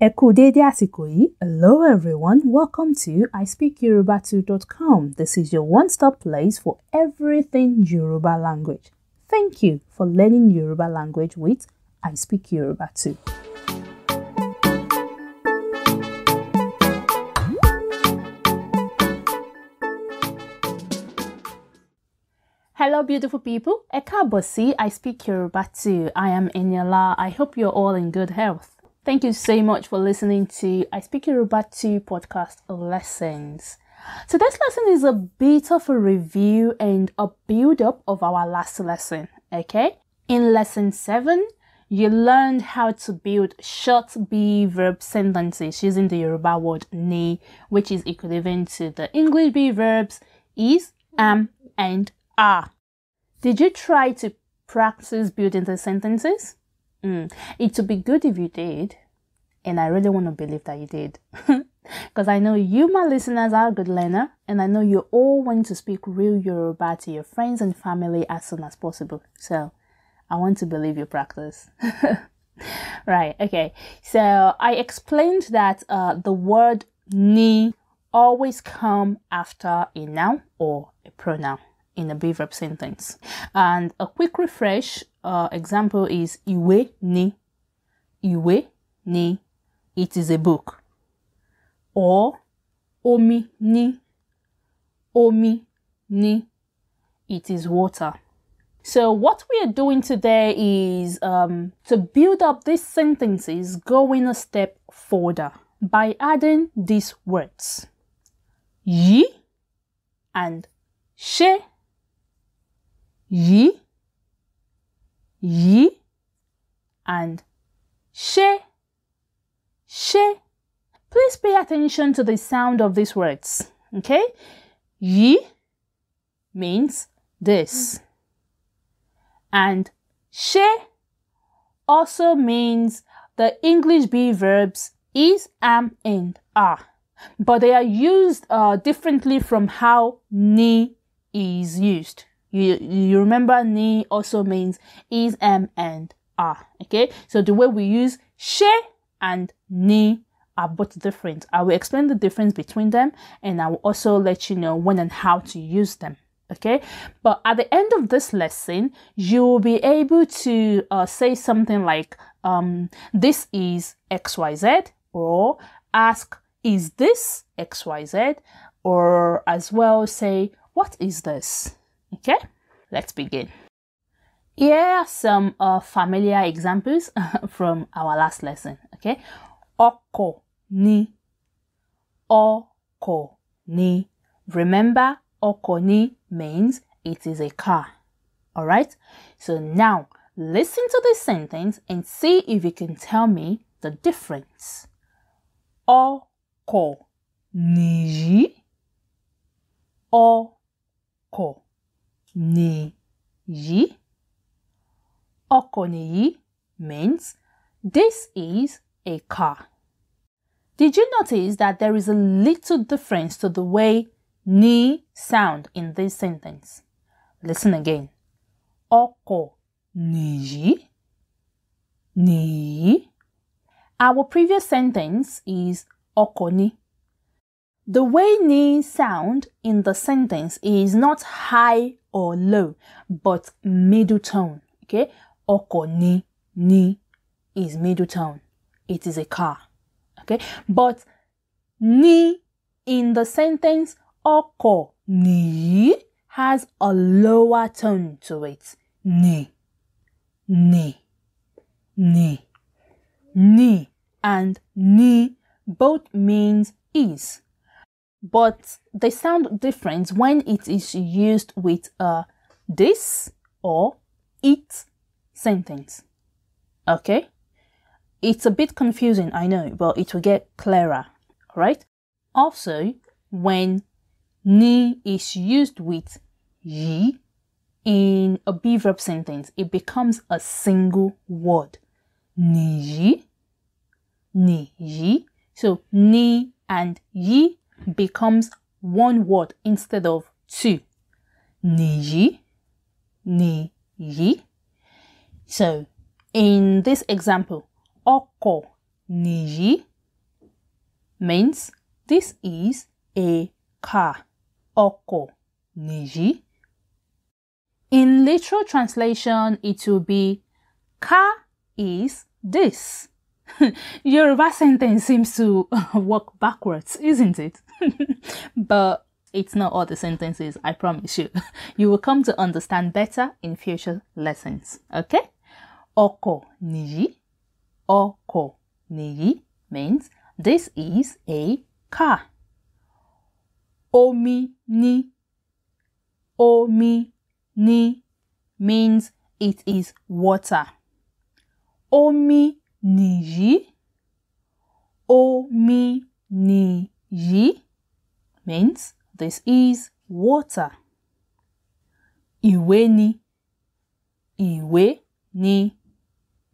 Hello everyone, welcome to ispeakyoruba2.com. This is your one-stop place for everything Yoruba language. Thank you for learning Yoruba language with I Speak Yoruba 2. Hello, beautiful people. Ẹ sí I Speak Yoruba 2. I am Eniola. I hope you're all in good health. Thank you so much for listening to I Speak Yoruba 2 podcast lessons. So this lesson is a bit of a review and a build up of our last lesson, okay? In lesson 7, you learned how to build short be verb sentences using the Yoruba word ni, which is equivalent to the English be verbs is, am, and are. Did you try to practice building the sentences? Mm. It would be good if you did. And I really want to believe that you did. Because I know you, my listeners, are a good learner, and I know you all want to speak real Yoruba to your friends and family as soon as possible. So I want to believe you practice. right, okay. So I explained that uh, the word ni always come after a noun or a pronoun in a be verb sentence. And a quick refresh uh, example is iwe ni. Iwe ni it is a book. Or omi ni, omi ni, it is water. So what we are doing today is um, to build up these sentences going a step further by adding these words. Yi and she. Yi, yi and she she. Please pay attention to the sound of these words. Okay? Yi means this. And she also means the English be verbs is, am, and are. But they are used uh, differently from how ni is used. You, you remember ni also means is, am, and are. Okay? So the way we use she and ni are both different. I will explain the difference between them and I will also let you know when and how to use them. Okay, but at the end of this lesson, you will be able to uh, say something like, um, This is XYZ, or ask, Is this XYZ, or as well say, What is this? Okay, let's begin. Here are some uh, familiar examples from our last lesson. Okay. Oko ni. Oko ni. Remember, oko ni means it is a car. All right. So now listen to this sentence and see if you can tell me the difference. Oko niji. Oko niji. Oko niji means this is a car. Did you notice that there is a little difference to the way ni sound in this sentence? Listen again. Oko niji ni. Our previous sentence is oko ni. The way ni sound in the sentence is not high or low, but middle tone. Okay? Oko ni ni is middle tone it is a car. Okay. But ni in the sentence oko ni has a lower tone to it. Ni, ni, ni, ni, and ni both means is, but they sound different when it is used with a this or it sentence. Okay? It's a bit confusing, I know, but it will get clearer, alright? Also, when ni is used with yi in a be verb sentence, it becomes a single word. Ni yi, ni yi. So ni and yi becomes one word instead of two. Ni yi, ni yi. So in this example, oko niji means this is a car. Oko niji. In literal translation, it will be car is this. Yoruba sentence seems to work backwards, isn't it? but it's not all the sentences, I promise you. You will come to understand better in future lessons. Okay? Oko niji oko ni means this is a car. Omi ni. Omi ni means it is water. Omi niyi. Omi ji means this is water. Iwe ni. Iwe ni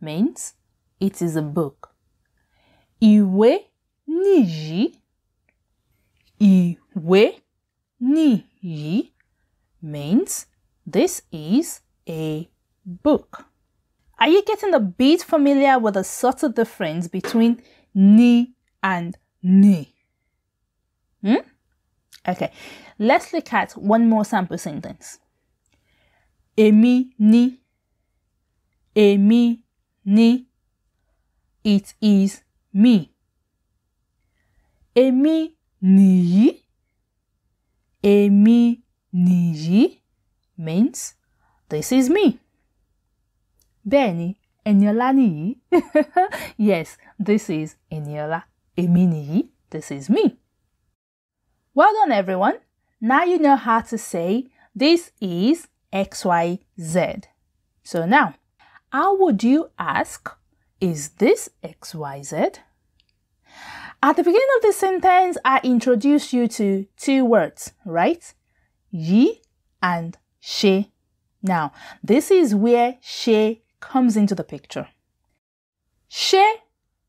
means it is a book. Ìwé nìyí. Ìwé nìyí means this is a book. Are you getting a bit familiar with the subtle difference between ni and ni? Hmm? Okay, let's look at one more sample sentence. Èmi ni. Èmi ni. It is me. Èmi nìyí. Èmi nìyí means this is me. Benny, Eniola nìyí. yes, this is Eniola. Èmi nìyí, this is me. Well done, everyone. Now you know how to say this is XYZ. So now, how would you ask is this XYZ? At the beginning of the sentence, I introduce you to two words, right? Ye and she. Now, this is where she comes into the picture. She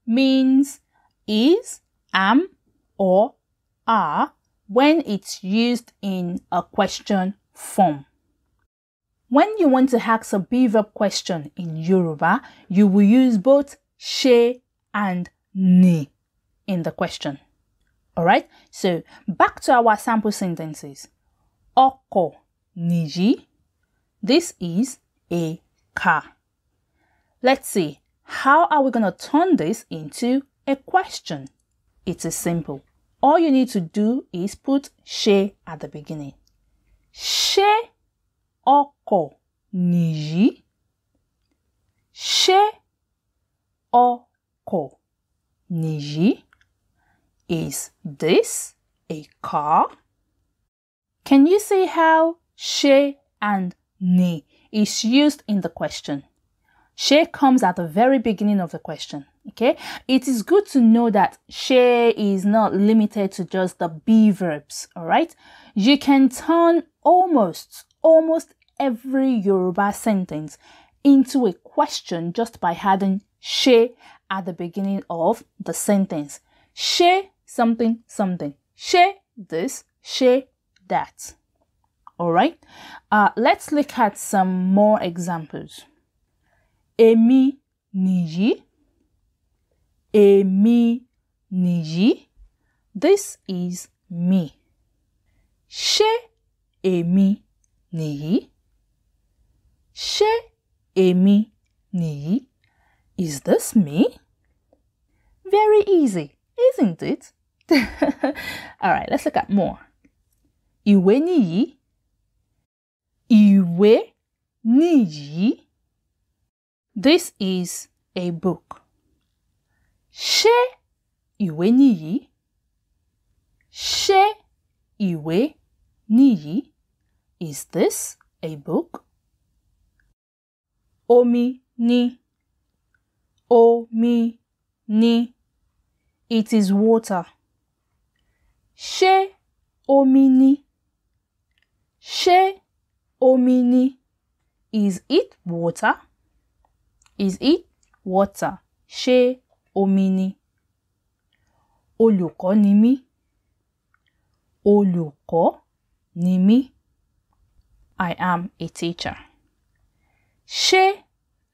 means is, am, or are when it's used in a question form. When you want to ask a beverb question in Yoruba, you will use both she and ni in the question. Alright, so back to our sample sentences. Oko niji. This is a car. Let's see, how are we going to turn this into a question? It is simple. All you need to do is put she at the beginning. She ọkọ̀ nìyí? ṣé ọkọ̀ nìyí? Is this a car? Can you see how she and ni is used in the question? She comes at the very beginning of the question. Okay, it is good to know that she is not limited to just the be verbs. All right, you can turn almost almost every Yoruba sentence into a question just by adding she at the beginning of the sentence. She something something. She this, she that. Alright, uh, let's look at some more examples. Èmi niji. Èmi niji. This is me. She èmi nìyí? Ṣé èmi nìyí? Is this me? Very easy, isn't it? All right, let's look at more. Ìwé nìyí? Ìwé nìyí? This is a book. Ṣé ìwé nìyí? Ṣé ìwé nìyí? Is this a book? Omi ni. Omi ni. It is water. She omi ni? Ṣé omi ni? Is it water? Is it water? She omi ni? Olùkọ́ ni mí. Olùkọ́ ni mí. I am a teacher. Ṣé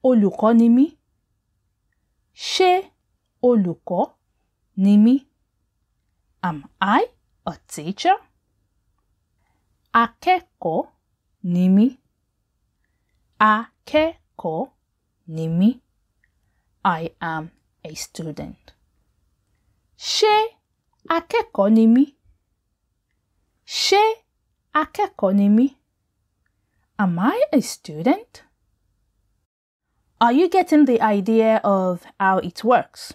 olùkọ́ ni mí? Ṣé olùkọ́ ni mí? Am I a teacher? Akẹ́kọ̀ọ́ ni mí. Akẹ́kọ̀ọ́ ni mí. I am a student. Ṣé akẹ́kọ̀ọ́ ni mí? Ṣé akẹ́kọ̀ọ́ ni mí? Am I a student? Are you getting the idea of how it works?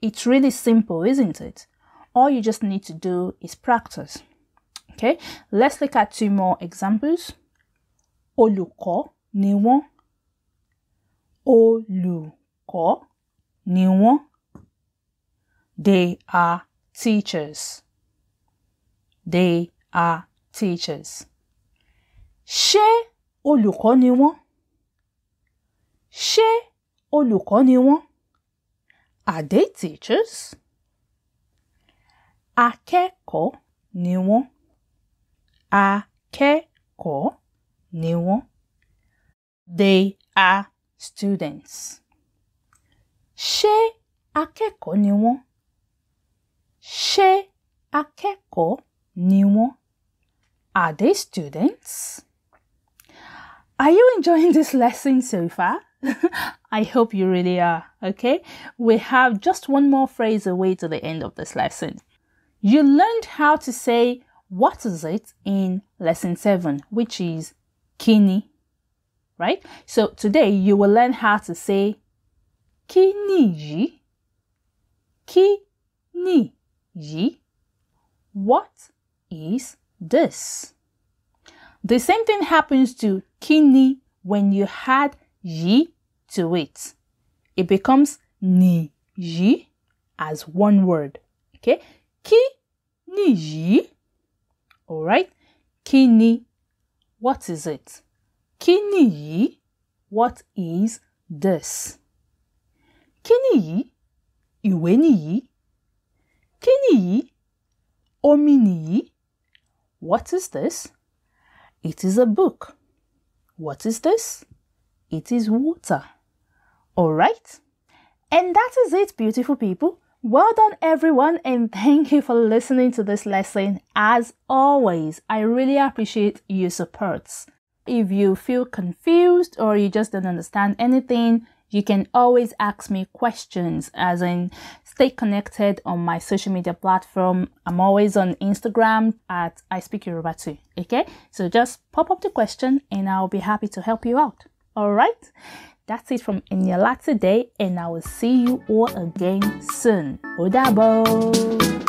It's really simple, isn't it? All you just need to do is practice. Okay, let's look at two more examples. Olùkọ́ ni wọ́n. Olùkọ́ ni They are teachers. They are teachers. Ṣé olùkọ́ ni wọ́n? Ṣé olùkọ́ ni wọ́n? Are they teachers? Akẹ́kọ̀ọ́ ni wọ́n. Akẹ́kọ̀ọ́ ni wọ́n. They are students. Ṣé akẹ́kọ̀ọ́ ni wọ́n? Ṣé akẹ́kọ̀ọ́ ni wọ́n? Are they students? Are you enjoying this lesson so far? I hope you really are. Okay, we have just one more phrase away to the end of this lesson. You learned how to say what is it in lesson 7, which is kini, right? So today you will learn how to say kini ji, kini ji. What is this? The same thing happens to kini when you add yi to it. It becomes ni yi as one word. Okay? Ki ni yi. All right? Kini. What is it? Kini yi. What is this? Kini yi. Ìwé nìyí. Kini yi. Omi nìyí. What is this? It is a book. What is this? It is water. All right. And that is it, beautiful people. Well done, everyone, and thank you for listening to this lesson. As always, I really appreciate your supports. If you feel confused or you just don't understand anything, you can always ask me questions, as in stay connected on my social media platform. I'm always on Instagram at I Speak Yoruba too. Okay, so just pop up the question and I'll be happy to help you out. All right, that's it from Eniola today, and I will see you all again soon. Odabo!